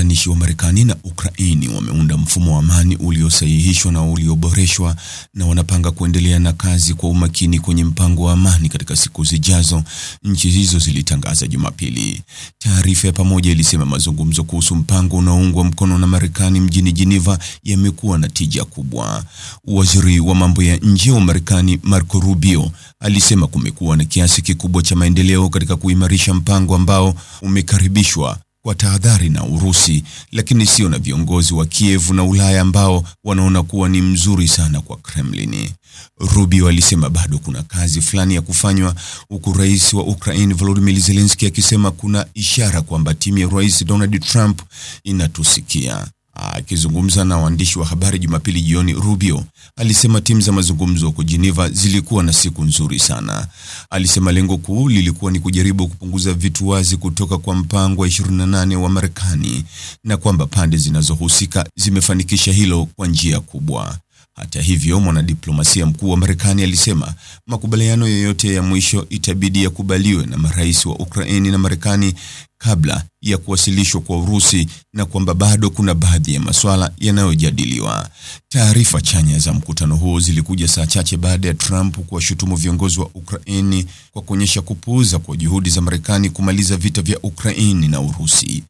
Wapatanishi wa Marekani na Ukraini wameunda mfumo wa amani uliosahihishwa na ulioboreshwa na wanapanga kuendelea na kazi kwa umakini kwenye mpango wa amani katika siku zijazo, nchi hizo zilitangaza Jumapili. Taarifa ya pamoja ilisema mazungumzo kuhusu mpango unaoungwa mkono na Marekani mjini Geneva yamekuwa na tija kubwa. Waziri wa mambo ya nje wa Marekani Marco Rubio alisema kumekuwa na kiasi kikubwa cha maendeleo katika kuimarisha mpango ambao umekaribishwa kwa tahadhari na Urusi, lakini sio na viongozi wa Kievu na Ulaya ambao wanaona kuwa ni mzuri sana kwa Kremlin. Rubio alisema bado kuna kazi fulani ya kufanywa, huku rais wa Ukraine Volodymyr Zelensky akisema kuna ishara kwamba timu ya Rais Donald Trump inatusikia. Ah, akizungumza na waandishi wa habari Jumapili jioni, Rubio alisema timu za mazungumzo huko Geneva zilikuwa na siku nzuri sana. Alisema lengo kuu lilikuwa ni kujaribu kupunguza vitu wazi kutoka kwa mpango wa 28 wa Marekani na kwamba pande zinazohusika zimefanikisha hilo kwa njia kubwa. Hata hivyo, mwanadiplomasia mkuu wa Marekani alisema makubaliano yoyote ya mwisho itabidi yakubaliwe na marais wa Ukraini na Marekani kabla ya kuwasilishwa kwa Urusi na kwamba bado kuna baadhi ya masuala yanayojadiliwa. Taarifa chanya za mkutano huo zilikuja saa chache baada ya Trump kuwashutumu viongozi wa Ukraini kwa kuonyesha kupuuza kwa juhudi za Marekani kumaliza vita vya Ukraini na Urusi.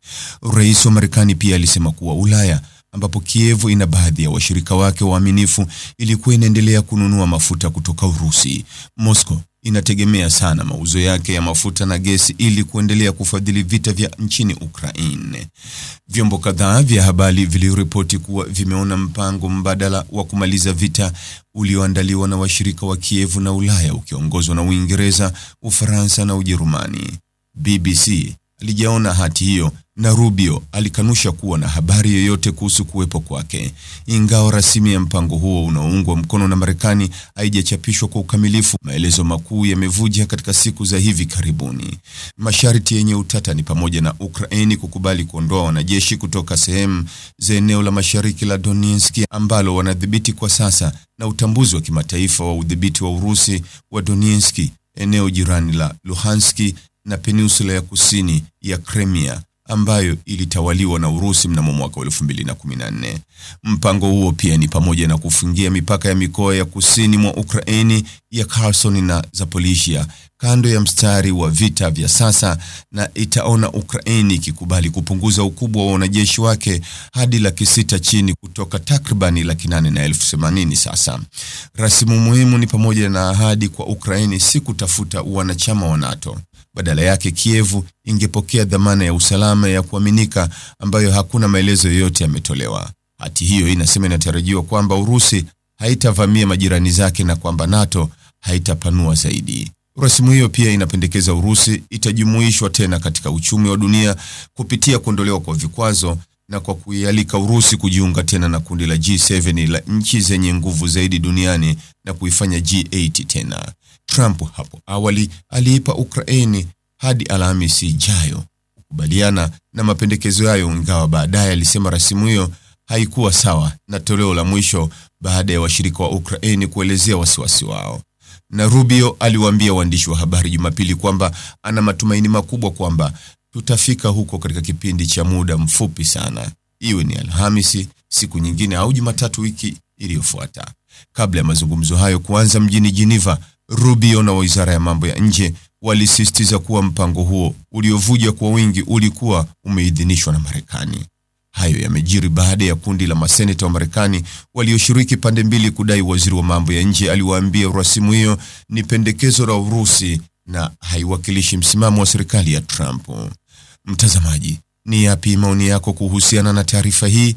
Rais wa Marekani pia alisema kuwa Ulaya ambapo Kievu ina baadhi ya washirika wake waaminifu, ilikuwa inaendelea kununua mafuta kutoka Urusi. Moscow inategemea sana mauzo yake ya mafuta na gesi ili kuendelea kufadhili vita vya nchini Ukraine. Vyombo kadhaa vya habari viliripoti kuwa vimeona mpango mbadala wa kumaliza vita ulioandaliwa na washirika wa Kievu na Ulaya ukiongozwa na Uingereza, Ufaransa na Ujerumani. BBC alijaona hati hiyo na Rubio alikanusha kuwa na habari yoyote kuhusu kuwepo kwake, ingawa rasimu ya mpango huo unaoungwa mkono na Marekani haijachapishwa kwa ukamilifu. Maelezo makuu yamevuja katika siku za hivi karibuni. Masharti yenye utata ni pamoja na Ukraini kukubali kuondoa wanajeshi kutoka sehemu za eneo la mashariki la Donetsk ambalo wanadhibiti kwa sasa, na utambuzi wa kimataifa wa udhibiti wa Urusi wa Donetsk, eneo jirani la Luhanski na peninsula ya kusini ya Crimea ambayo ilitawaliwa na Urusi mnamo mwaka 2014. Mpango huo pia ni pamoja na kufungia mipaka ya mikoa ya kusini mwa Ukraini ya Kherson na Zaporizhia kando ya mstari wa vita vya sasa, na itaona Ukraini ikikubali kupunguza ukubwa wa wanajeshi wake hadi laki sita chini kutoka takribani laki nane na elfu themanini sasa. Rasimu muhimu ni pamoja na ahadi kwa Ukraini si kutafuta wanachama wa NATO. Badala yake Kievu ingepokea dhamana ya usalama ya kuaminika ambayo hakuna maelezo yoyote yametolewa. Hati hiyo inasema inatarajiwa kwamba Urusi haitavamia majirani zake na kwamba NATO haitapanua zaidi. Rasimu hiyo pia inapendekeza Urusi itajumuishwa tena katika uchumi wa dunia kupitia kuondolewa kwa vikwazo na kwa kuialika Urusi kujiunga tena na kundi la G7 la nchi zenye nguvu zaidi duniani na kuifanya G8 tena. Trump hapo awali aliipa Ukraini hadi Alhamisi ijayo kukubaliana na mapendekezo hayo, ingawa baadaye alisema rasimu hiyo haikuwa sawa na toleo la mwisho baada ya washirika wa Ukraini kuelezea wasiwasi wao. Na Rubio aliwaambia waandishi wa habari Jumapili kwamba ana matumaini makubwa kwamba tutafika huko katika kipindi cha muda mfupi sana, iwe ni Alhamisi, siku nyingine au Jumatatu wiki iliyofuata. Kabla ya mazungumzo hayo kuanza mjini Geneva, Rubio na wizara ya mambo ya nje walisisitiza kuwa mpango huo uliovuja kwa wingi ulikuwa umeidhinishwa na Marekani. Hayo yamejiri baada ya kundi la maseneta wa Marekani walioshiriki pande mbili kudai waziri wa mambo ya nje aliwaambia rasimu hiyo ni pendekezo la Urusi na haiwakilishi msimamo wa serikali ya Trump. Mtazamaji, ni yapi maoni yako kuhusiana na taarifa hii?